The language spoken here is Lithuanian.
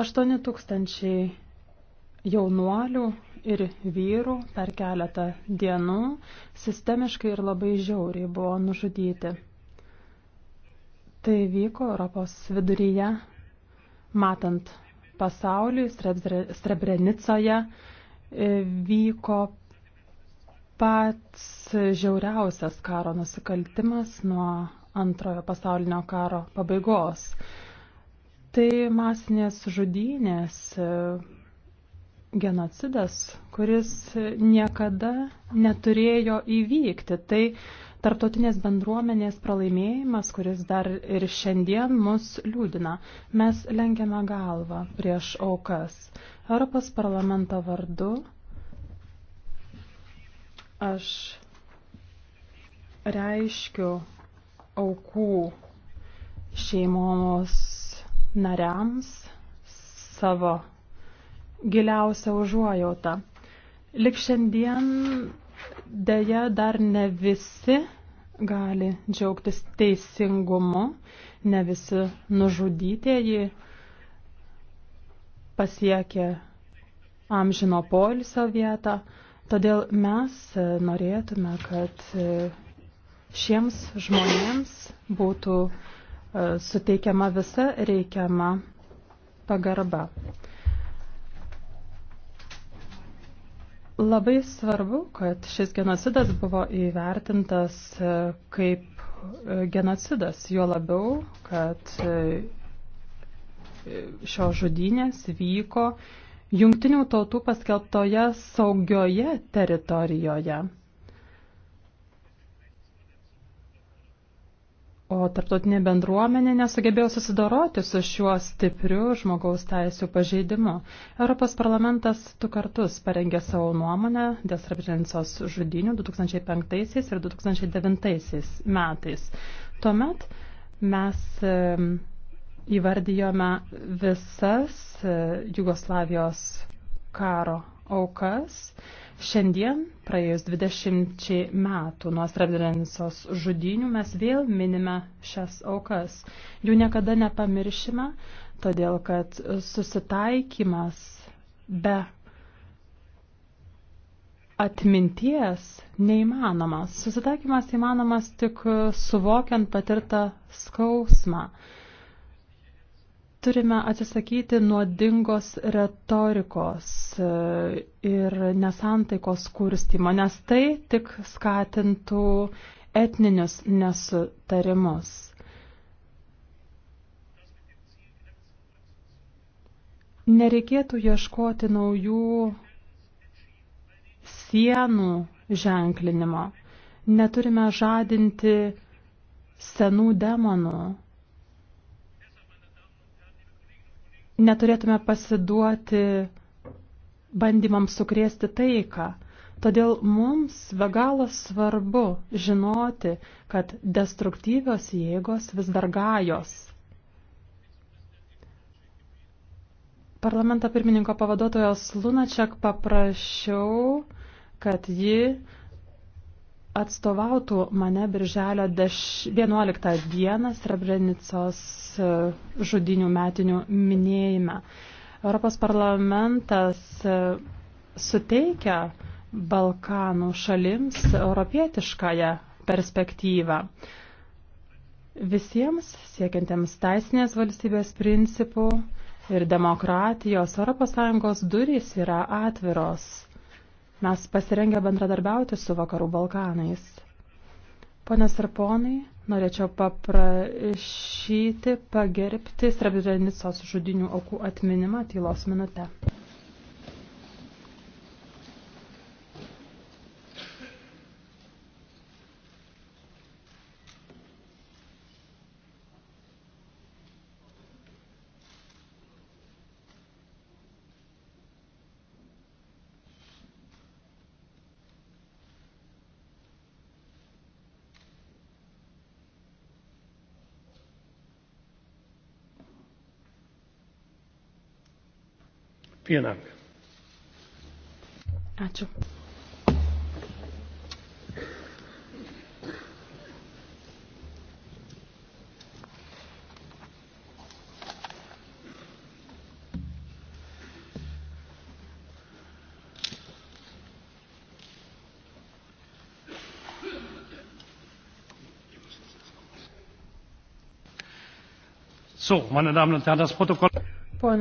8 tūkstančiai jaunuolių ir vyrų per keletą dienų sistemiškai ir labai žiauriai buvo nužudyti. Tai vyko Europos viduryje, matant pasaulį, Srebrenicoje e, vyko pats žiauriausias karo nusikaltimas nuo antrojo pasaulinio karo pabaigos. Tai masinės žudynės, e, genocidas, kuris niekada neturėjo įvykti. Tai tarptautinės bendruomenės pralaimėjimas, kuris dar ir šiandien mus liūdina. Mes lenkiame galvą prieš aukas. Europos parlamento vardu aš reiškiu aukų šeimos nariams savo giliausią užuojautą. Lik šiandien dėja dar ne visi gali džiaugtis teisingumu, ne visi nužudytieji pasiekė amžino poilsio vietą, todėl mes norėtume, kad šiems žmonėms būtų E, suteikiama visa reikiama pagarba. Labai svarbu, kad šis genocidas buvo įvertintas e, kaip e, genocidas, juo labiau, kad šios žudynės vyko jungtinių tautų paskelbtoje saugioje teritorijoje. O tarptautinė bendruomenė nesugebėjo susidoroti su šiuo stipriu žmogaus teisų pažeidimu. Europos parlamentas du kartus parengė savo nuomonę dėl Srebrenicos žudinių 2005 ir 2009 metais. Tuomet mes įvardijome visas e, Jugoslavijos karo aukas. Šiandien, praėjus 20 metų nuo Srebrenicos žudynių, mes vėl minime šias aukas. Jų niekada nepamiršime, todėl kad susitaikymas be atminties neįmanomas. Susitaikymas įmanomas tik suvokiant patirtą skausmą. Turime atsisakyti nuodingos retorikos e, ir nesantaikos kurstymo, nes tai tik skatintų etninius nesutarimus. Nereikėtų ieškoti naujų sienų ženklinimo. Neturime žadinti senų demonų. neturėtume pasiduoti bandymams sukrėsti taiką. Todėl mums be galo svarbu žinoti, kad destruktyvios jėgos vis dar gajos. Parlamento pirmininko pavaduotojos Lunačiak paprašiau, kad ji atstovautų mane birželio 11 dieną Srebrenicos e, žudinių metinių minėjime. Europos parlamentas e, suteikia Balkanų šalims europietiškąją perspektyvą. Visiems siekiantiems teisinės valstybės principų ir demokratijos ES durys yra atviros. Mes pasirengę bendradarbiauti su Vakarų Balkanais. Ponas ir ponai, norėčiau paprašyti pagerbti Srebrenicos žudinių aukų atminimą tylos minutę. Vielen Dank. Ačiū. So, meine Damen und Herren, das Protokoll.